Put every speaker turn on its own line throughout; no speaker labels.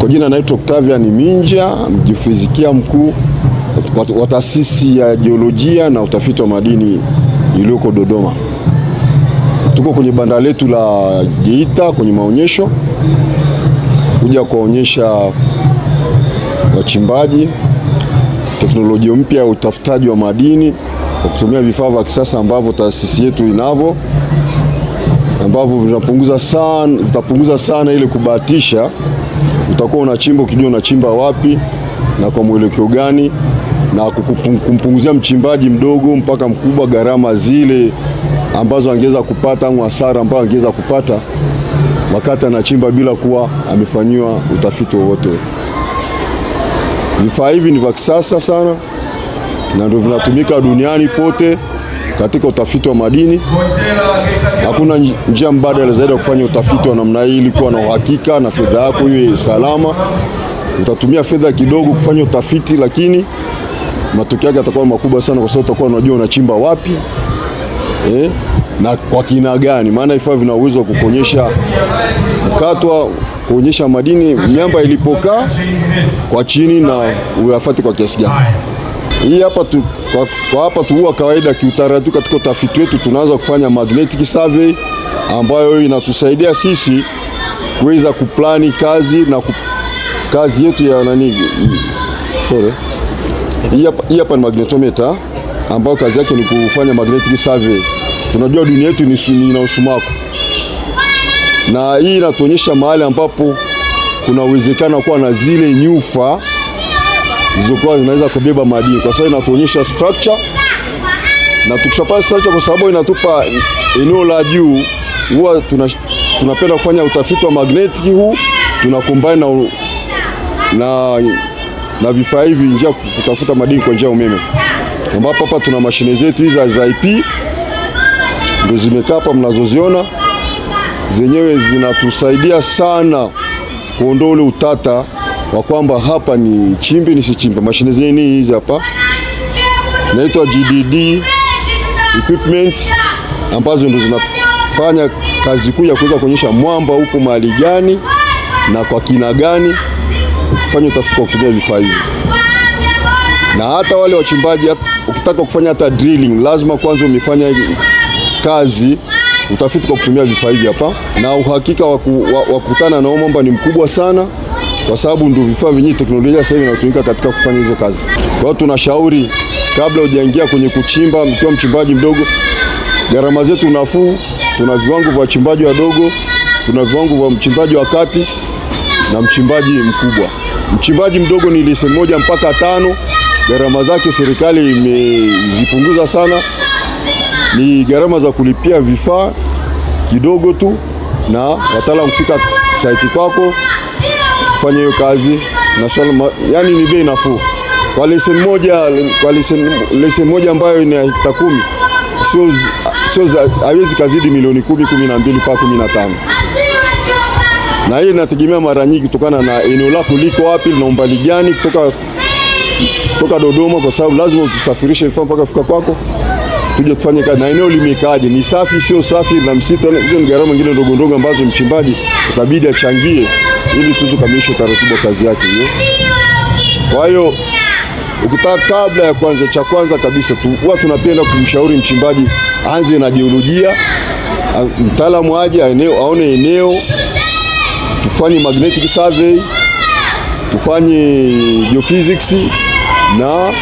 Kwa jina naitwa Octavian Minja, mjifizikia mkuu wa taasisi ya jiolojia na utafiti wa madini iliyoko Dodoma. Tuko kwenye banda letu la Geita kwenye maonyesho kuja kuwaonyesha wachimbaji teknolojia mpya ya utafutaji wa madini kwa kutumia vifaa vya kisasa ambavyo taasisi yetu inavyo ambavyo vitapunguza sana, vitapunguza sana ile kubahatisha utakuwa unachimba ukijua unachimba wapi na kwa mwelekeo gani, na kumpunguzia mchimbaji mdogo mpaka mkubwa gharama zile ambazo angeweza kupata au hasara ambayo angeweza kupata wakati anachimba bila kuwa amefanyiwa utafiti wowote. Vifaa hivi ni vya kisasa sana na ndio vinatumika duniani pote katika utafiti wa madini. Hakuna njia mbadala zaidi ya kufanya utafiti wa namna hii ili kuwa na uhakika na fedha yako iwe salama. Utatumia fedha kidogo kufanya utafiti, lakini matokeo yake yatakuwa makubwa sana, kwa sababu utakuwa unajua unachimba wapi eh, na kwa kina gani, maana vifaa vina uwezo wa kukuonyesha mkatwa kuonyesha madini miamba ilipokaa kwa chini na uyafati kwa kiasi gani hii hapa tu, kwa, kwa hapa huwa kawaida kiutaratibu, katika utafiti wetu tunaanza kufanya magnetic survey ambayo inatusaidia sisi kuweza kuplani kazi na ku, kazi yetu ya nani. Sorry, hii hapa ni magnetometer ambayo kazi yake ni kufanya magnetic survey. Tunajua dunia yetu ni ina usumaku, na hii inatuonyesha mahali ambapo kuna uwezekano kuwa na zile nyufa zilizokuwa zinaweza kubeba madini, kwa sababu inatuonyesha structure, na tukishapata structure, kwa sababu inatupa eneo la juu, huwa tunapenda tuna kufanya utafiti wa magnetic huu, tunakombine na, na, na vifaa hivi njia kutafuta madini kwa njia ya umeme, ambapo hapa tuna mashine zetu hizi za IP ndio zimekaa hapa mnazoziona zenyewe zinatusaidia sana kuondoa ule utata wa kwamba hapa ni chimbe ni sichimbe, mashine zenyewe hizi hapa naitwa GDD equipment ambazo ndo zinafanya kazi kuu ya kuweza kuonyesha mwamba upo mahali gani na kwa kina gani, kufanya utafiti kwa kutumia vifaa hivi. Na hata wale wachimbaji, ukitaka kufanya hata drilling, lazima kwanza umefanya kazi utafiti kwa kutumia vifaa hivi hapa, na uhakika wa kukutana na mwamba ni mkubwa sana kwa sababu ndio vifaa vyenye teknolojia sasa hivi inatumika katika kufanya hizo kazi. Kwa hiyo tunashauri kabla hujaingia kwenye kuchimba, mkiwa mchimbaji mdogo, gharama zetu nafuu, tuna viwango vya wachimbaji wadogo, tuna viwango vya mchimbaji wa kati na mchimbaji mkubwa. Mchimbaji mdogo ni lise moja mpaka tano, gharama zake serikali imezipunguza sana, ni gharama za kulipia vifaa kidogo tu, na wataalamu kufika saiti kwako kufanya hiyo kazi na shalma, yani ni bei nafuu kwa leseni moja, kwa leseni moja ambayo ina hekta kumi sio sio, haiwezi kazidi milioni kumi, kumi na mbili mpaka kumi na tano na hiyo inategemea mara nyingi kutokana na eneo lako liko wapi na umbali gani kutoka, kutoka Dodoma, kwa sababu lazima utusafirishe vifaa mpaka kufika kwako kuja kufanya kazi na eneo limekaaje, ni safi sio safi, na msitu. Hizo ni gharama nyingine ndogo ndogo ambazo mchimbaji utabidi achangie ili tukamilishe taratibu kazi yake hiyo. Kwa hiyo ukitaka kabla ya kwanza, cha kwanza kabisa tu huwa tunapenda kumshauri mchimbaji anze na jiolojia, mtaalamu aje aone eneo, tufanye magnetic survey, tufanye geophysics na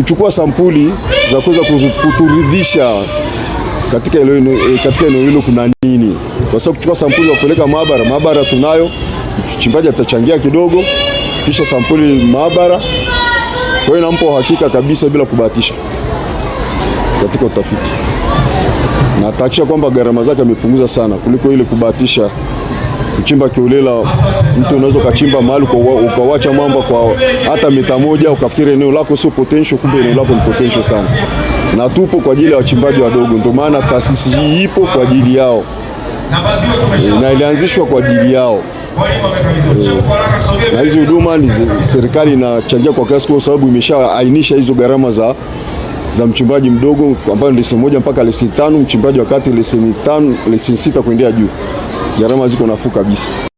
kuchukua sampuli za kuweza kuturidhisha katika eneo eh, katika eneo hilo kuna nini, kwa sababu kuchukua sampuli za kupeleka maabara. Maabara tunayo, mchimbaji atachangia kidogo, kisha sampuli maabara. Kwa hiyo inampa uhakika kabisa bila kubahatisha katika utafiti, na kwamba gharama zake amepunguza sana kuliko ile kubahatisha kuchimba kiulela, mtu unaweza ukachimba mahali ukawacha mwamba kwa hata mita moja, ukafikiri eneo lako sio potential, kumbe eneo lako ni potential sana. Na tupo kwa ajili ya wachimbaji wadogo, ndio maana taasisi hii ipo kwa ajili yao eh, na ilianzishwa kwa ajili yao. Eh, na hizi huduma ni serikali inachangia kwa kiasi, kwa sababu imeshaainisha hizo gharama za za mchimbaji mdogo ambayo ni leseni moja mpaka leseni tano, mchimbaji wa kati leseni tano, leseni sita kuendea juu gharama ziko nafuu kabisa.